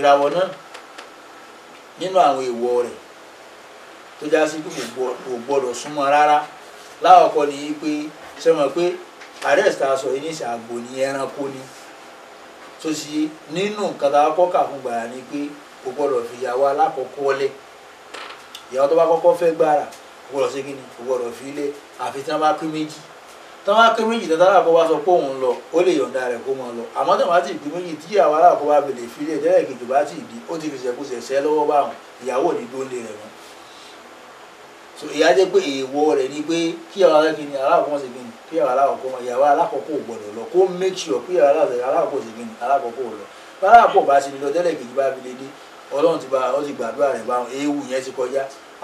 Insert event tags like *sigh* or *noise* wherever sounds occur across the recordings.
ìràwọ̀ náà nínú àwọn èèwọ̀ rẹ̀ tó já sí pé kò gbọdọ̀ súnmọ́ rárá láwọ̀kọ́ ni pé ṣe mọ̀ pé arrest aṣọ yìí ní ìṣàgbò ní ẹranko ni tó ṣe nínú nǹkan tá a kọ́kà fún gbàrà ni pé kò gbọdọ̀ fìyàwó alákọ̀ọ́kọ́ lẹ̀ ìyàwó tó bá kọ́kọ́ fẹ́ gbàrà kò gbọdọ̀ ṣe kí ni kò gbọdọ̀ fi lẹ̀ àfi tí wọ́n bá pín méjì tán wá pé méjì tán táwọn àkọ́kọ́ sọ pé òun lọ ó lè yọ̀ǹda rẹ̀ kó mọ lọ àmọ́ tàn wá ti di méjì tí àwọn aláàkọ́ bá bèlè fi lé tẹ́lẹ̀ kejì bá ti di ó ti fi ṣẹ̀kúṣẹ̀ ṣẹ́ lọ́wọ́ báwọn ìyàwó òní tó ń lé rẹ̀ mọ́ so ìyá jẹ́ pé èèwọ̀ rẹ̀ ni pé kí àwọn aláàkọ́ ni aláàkọ́ ṣe gbìn kí àwọn aláàkọ́ mọ ìyàwó aláàkọ́kọ́ ò lọ kó make sure kí aláàkọ́ ṣe gbìn aláàkọ́kọ́ ò lọ aláàkọ́ bá ṣe lọ tẹ́lẹ̀ kejì bá fi lé dé ọlọ́run ti gbàdúrà rẹ̀ báwọn ewu yẹn ti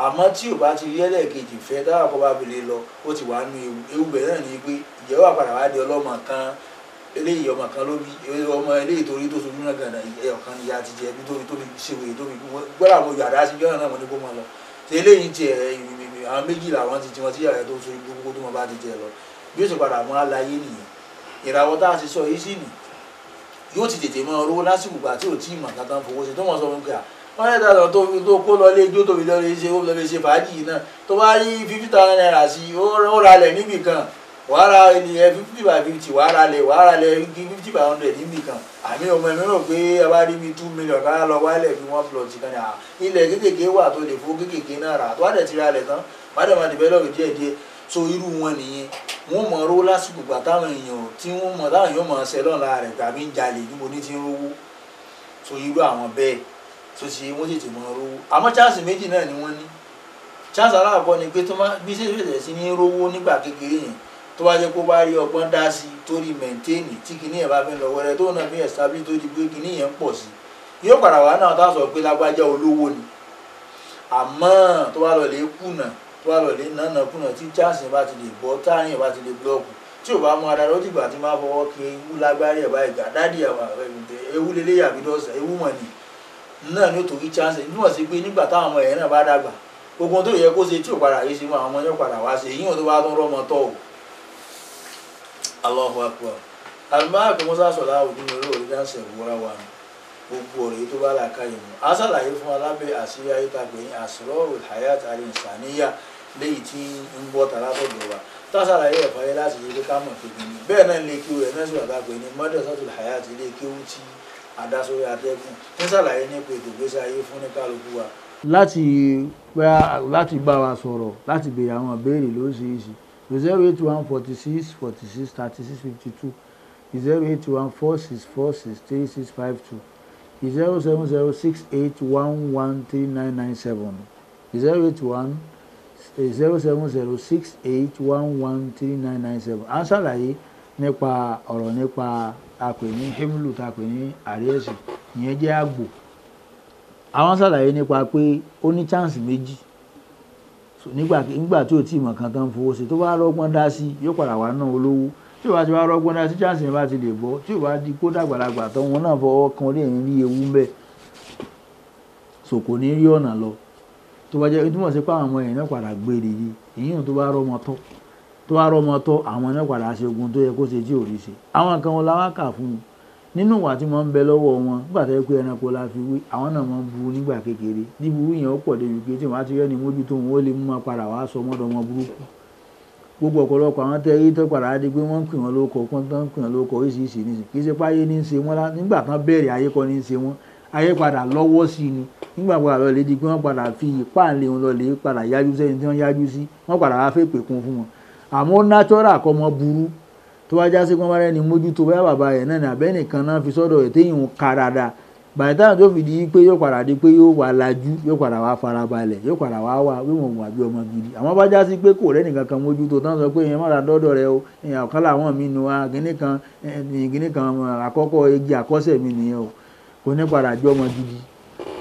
àmọ́ tí ò bá ti rí ẹlẹ́ẹ̀kejì fẹ́ táwọn kọ́ bá fi lọ ó ti wà nù ewu bẹ̀rẹ̀ náà ni pé ìjẹ́ wà padà wá di ọlọ́mọ kan eléyìí ọmọ kan ló bí ọmọ eléyìí torí tó sojú náà gànà ẹyọ kan ni ti jẹ bí tóbi tóbi ṣèwé tóbi gbọ́dọ̀ àwọn yàrá sí jọ́nà náà wọ́n ní kó máa lọ ṣe eléyìí ti ẹ̀ àwọn méjì làwọn ti tiwọn tí yàrá tó sojú gbogbo tó máa bá ti jẹ lọ bí ó sì padà mọ́ aláyé nìyẹn ìràwọ̀ tá a ti sọ yìí sí nì yóò ti tètè máa rówó lásìkò gbà tí ò tí ì mà kankan fowó ṣe tó mọ̀ sọ fún kà one hundred thousand tó fi tó kó lọlé ijó tó fi lọlé ṣe ó lọlé ṣe fàájì náà tó bá rí fifty thousand naira sí i ó ralẹ̀ níbì kan wàá ra ènìyàn fifty by fifty wàá ralẹ̀ wàá ralẹ̀ fifty by hundred níbì kan àmì ọmọ ẹ̀mí rò pé a bá rí bíi two million ká lọ wálẹ̀ bí one plot kan náà ilẹ̀ kékèké wà tó lè fowó kékèké náà rà tó wà dẹ̀ ti ralẹ̀ tán wàá dẹ̀ máa develop díẹ̀ díẹ̀ so irú wọn nìyẹn wọn mọ̀ rówó lásìkò gbà táwọn èèyàn tí wọn mọ̀ táwọn èèyàn mọ̀ ṣẹlọ́ọ̀la rẹ̀ tàbí ń jalè níbo ní ti ń rówó so irú àwọn bẹ́ẹ̀ tó ti wọ́n tètè mọ rówó àmọ́ chance méjì náà ni wọ́n ní chance aláàbọ̀ ni pé tó má bí ṣe ṣẹ̀ṣẹ̀ sí ní rówó nígbà kékeré yẹn tó bá jẹ́ kó bá rí ọgbọ́n dá sí torí mẹ̀ntẹ́ẹ̀nì tí kìíní yẹn bá fẹ́ lọ wẹ́rẹ́ tó náà fi establish tó di pé kìíní yẹn ń pọ̀ sí yóò padà wá náà tá a sọ pé lágbájá olówó ni àmọ́ tó bá lọ lè kùnà tó bá lọ lè nànà kùnà tí chance bá ti lè bọ́ táyìn bá ti lè blọ́ọ̀kù tí ò bá mú adarọ́ dìgbà tí má fọwọ́ kí ewu lágbárí ẹ̀ báyìí gàdádì àwọn ewu lélẹ́yàbí dọ́sà ewu mọ̀ nìyí náà ni ó torí chance níwọ̀n sí pé nígbà táwọn ọmọ ẹ̀yẹ náà bá dàgbà ogun tó yẹ kó ṣe tí ò padà yé ṣe mọ àwọn ọmọ yẹn padà wá ṣe yíyan tó bá tún rọmọ tọ o. Allahu akbar àlùmáà kí musa sọlá òdì mi olóòrí dáńsẹ̀ wúra wa nù gbogbo ọ̀rọ̀ yìí tó bá là ká yìí mú a ṣàlàyé fún alábẹ́ àṣírí ayétagbẹ̀yìn asrarul hayat al-insaniya léyìí tí ń bọ́ tàlátọ̀dọ̀ wa tá a ṣàlàyé ẹ̀ fàyẹ́ láti yẹ kí ká mọ̀ kébi ni bẹ́ẹ̀ náà ilé kíwò ẹ̀ náà sì wà lágbẹ̀ẹ́ ni mọ́dẹ̀sátùl hayat ilé kíwò àdásórí atẹ́gùn tó ṣàlàyé nípa ètò ìgbésí ayé fún ní kálukú wa. láti láti bá wa sọ̀rọ̀ láti béèrè àwọn ìbéèrè lóríṣiríṣi zero eight one forty six forty six thirty six fifty two zero eight one four six four six three six five two zero seven zero six eight one one three nine nine seven zero eight one eh, zero seven zero six eight one one three nine nine seven à ń ṣàlàyé nípa ọ̀rọ̀ nípa àpè ní hemlu tá a pè ní àríẹ̀sì ìyẹn jẹ́ àgbò àwọn ṣàlàyé nípa pé ó ní chance méjì nígbà tí ò tí ì mọ̀ kan tán fowó ṣe tó bá rọ́gbọ́n dá sí yóò padà wà náà olówó tí ò bá ti wá rọ́gbọ́n dá sí chance yẹn bá ti lè bọ́ tí ò bá di kó dàgbàlagbà tán wọn náà fọwọ́ kan orí ẹ̀yìn rí ewu ń bẹ̀ so kò ní rí ọ̀nà lọ tó bá jẹ́ ìtumọ̀ sí pé àwọn ọmọ yẹn náà padà gbére yìí ìyíhùn tó bá rọ́mọ tán tó wá rọmọ tọ́ àwọn náà padà ṣe ogun tó yẹ kó ṣe tí ò rí ṣe àwọn kan wọn làwọn kà fún mi nínú ìwà tí wọ́n ń bẹ lọ́wọ́ wọn nígbà tó yẹ pé ẹranko la fi wí àwọn náà máa ń bu nígbà kékeré níburú yẹn ó pọ̀ débi pé tí wọ́n á ti rẹ́ni mójútó wọn ó lè mú wọn padà wá sọ mọ́dọ̀ wọn burúkú gbogbo ọ̀pọ̀lọpọ̀ àwọn tẹ́ yìí tó padà á di pé wọ́n ń pè wọ́n lóko kán tán ń pè wọ́n lóko oríṣiríṣi ní kì ṣe páyé ní í ṣe wọ́n nígbà kan bẹ̀rẹ̀ ayé kọ́ ní ṣe wọ́n ayé padà lọ́wọ́ sí ni nígbà padà lọ lè di pé wọ́n padà fi ìpáàlè wọn lọ lè padà yájú sẹ́yìn tí wọ́n yájú sí wọ́n padà wá fẹ́ pèkun fún wọn àmọ́ natural kọ́ mọ́ burú tó bá já sí pọ́n bára ẹni mójútó báyà bàbá rẹ̀ náà ní abẹ́nìkan náà fi sọ́dọ̀ rẹ̀ téèyàn ka dáadáa bàyà táwọn tó fìdí pé yóò padà di pé yóò wà lajú yóò padà wà farabalẹ̀ yóò padà wà wà wíwọ̀n wà bí ọmọ gidi àmọ́ bá já sí pé kò rẹ́ nìkan kan mójútó tán sọ pé ìyẹn má ra dọ́dọ̀ rẹ o ìyẹn ọ̀kan làwọn mi nu wa gíní kan àkọ́kọ́ igi àkọ́sẹ̀ mi nìyẹn o kò ní padà jọ ọmọ gidi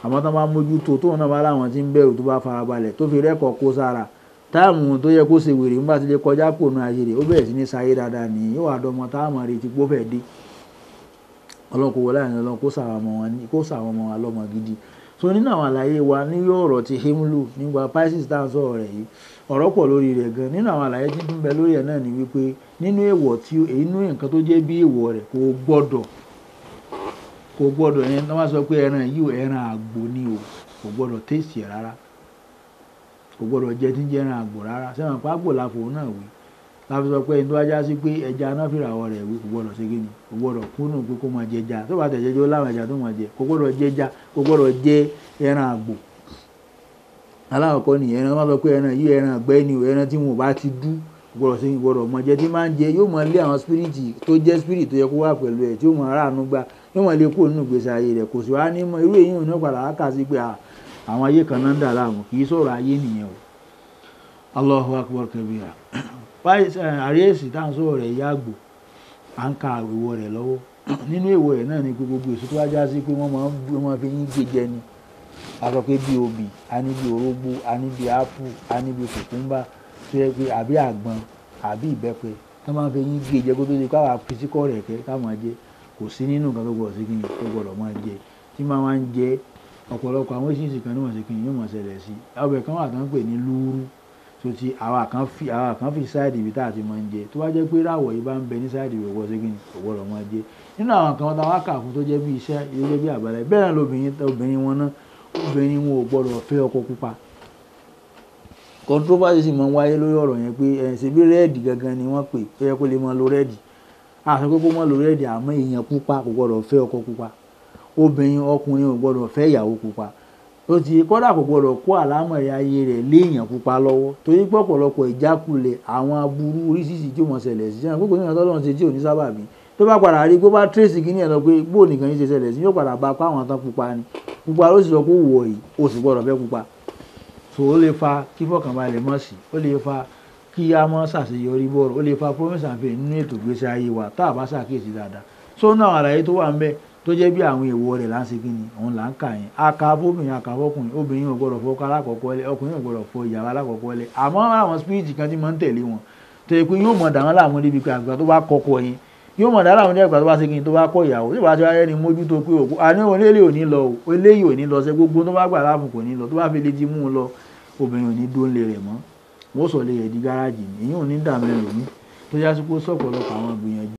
àmọ́ tán bá mójútó tóun náà bá láwọn ti ń bẹ̀rù tó bá farabalẹ̀ tó fi rẹ́kọ̀ọ́ kó sára táàmù tó yẹ kó ṣe wèrè nígbà ti lè kọjá kò nu ayé ó bẹ̀rẹ̀ sí ní sáyé dáadáa ní yóò wá táàmù ti gbó fẹ́ dé láàrin ọlọ́run kó sàwọn ọmọ wa lọ́mọ gidi so nínú àwọn àlàyé wa ní yóò ọ̀rọ̀ ti himlu nígbà pisces tá à ń sọ̀rọ̀ rẹ̀ yìí ọ̀rọ̀ pọ̀ lórí rẹ̀ gan nínú àwọn àlàyé tí ń bẹ lórí ẹ̀ náà ni wípé nínú kò gbọ́dọ̀ jẹ tí ń jẹran àgbò rárá sẹ́wọ̀n pápò láfo náà wí láfi sọ pé ẹni tó wájá sí pé ẹja anáfìràwọ̀ rẹ̀ wí kò gbọ́dọ̀ ṣe kíni kò gbọ́dọ̀ kúnnù pé kó máa jẹja tó bá tẹ̀ jẹjọ́ láwọn ẹja tó máa jẹ kò gbọ́dọ̀ jẹja kò gbọ́dọ̀ jẹ ẹran àgbò aláwọ̀kọ́ ni ẹran wọn sọ pé ẹran yìí ẹran àgbẹ́ ni o ẹran tí wọn bá ti dú gbọ́dọ̀ sí gbọ́dọ̀ mọ̀ jẹ tí máa ń jẹ yóò mọ lé àwọn spiriti tó jẹ́ spiriti tó yẹ kó wà pẹ̀lú ẹ̀ tí ó mọ aráàánú gbà yóò mọ lé kó nínú ìgbésí ayé rẹ̀ kò sí wá ní mọ irú èyí ò ní padà wákàtí pé à àwọn ayé kan náà ń dà láàmú kì í sọ̀rọ̀ ayé nìyẹn o Allahu akbar kabira *clears throat* àríyèsí tá à ń sọ̀rọ̀ rẹ̀ yàgbò à ń ka ìwọ rẹ̀ lọ́wọ́ *clears throat* nínú ìwọ rẹ̀ náà ni pé gbogbo èso tó wá já sí pé wọ́n máa fi yín gé jẹ ni a sọ pé bí obì a ní bí orógbó a ní bí ápù tó yẹ pé àbí àgbọn àbí ìbẹ́pẹ tó máa fi yín gé jẹ kó tó káwa fisikọ́ rẹ̀ kẹ́ ká jẹ kò sí nínú nǹkan tó gbọ́dọ̀ máa jẹ tí máa máa ń jẹ ọ̀pọ̀lọpọ̀ àwọn ìṣìṣì kan ní wọ́n ṣe kí yóò mọ̀ ṣẹlẹ̀ sí ọbẹ̀ kan wà tán pè ní lúrú tó ti àwa kan fi àwa kan fi sáìdì ibi tá a ti máa ń jẹ tó wá jẹ́ pé ráwọ̀ yìí bá ń bẹ ní sáìdì ìwé ọwọ́ ṣégin ọwọ́ lọ́ máa jẹ nínú àwọn kan tá a wá kà fún tó jẹ́ bí iṣẹ́ tó jẹ́ bí àbálẹ̀ bẹ́ẹ̀ lóbìnrin obìnrin wọn náà obìnrin wọn ò gbọ́dọ̀ fẹ́ ọkọ pupa controversy sì ń wáyé lórí ọ̀rọ̀ yẹn pé ni wọ́n pè é lo rẹ́ẹ̀dì àti pé lo rẹ́ẹ̀dì àmọ́ èèyàn pupa kò gbọ́dọ̀ fẹ́ obìnrin ọkùnrin ò gbọ́dọ̀ fẹ́ ìyàwó pupa ó ti kódà kò gbọ́dọ̀ kó àlámọ̀ ẹ̀yà ayé rẹ̀ léèyàn pupa lọ́wọ́ torí pé ọ̀pọ̀lọpọ̀ ìjákulẹ̀ àwọn aburú oríṣiríṣi tí ó mọ̀ ṣẹlẹ̀ sí sẹ́yìn gbogbo nígbà tọ́lọ́run ṣe tí ò ní sábà bí tó bá padà rí bó bá tírèsì kí ní ẹ̀ lọ pé bó nìkan yìí ṣe ṣẹlẹ̀ sí yóò padà bá pa àwọn tán pupa ni pupa ló sì sọ pé wọ̀ yìí o sì gbọ́dọ̀ fẹ́ pupa so ó lè fa kí fọkànbalẹ̀ mọ̀ sí ó lè fa kí a mọ̀ ṣàṣeyọrí bọ̀rọ̀ ó lè fa promise and pain nínú ètò ìgbésí ayé wa tá a bá ṣàkíyèsí dáadáa so náà àlàyé tó wà ń bẹ́ẹ̀ tó jẹ́ bí àwọn èèwọ̀ rẹ̀ láǹṣe kí ni òun là ń kà yẹn akabó obìnrin akabó ọkùnrin obìnrin ò gbọ́dọ̀ fọ ọkọ alákọ̀ọ́kọ́ lẹ̀ ọkùnrin ò gbọ́dọ̀ fọ ìyàwó alákọ̀ọ́kọ́ lẹ̀ àmọ́ àwọn spiriti kan ti máa ń tẹ̀lé wọn tó yẹ pé yóò mọ̀ dà wọ́n láàmú níbi pé àgbà tó bá kọ́kọ́ yẹn yóò mọ̀ dà láàmú níbi àgbà tó bá ṣe kí ni tó bá kọ́ ìyàwó tí ìbáṣe ẹni mójútó pé òkú àní onílé ò ní ti mú un lọ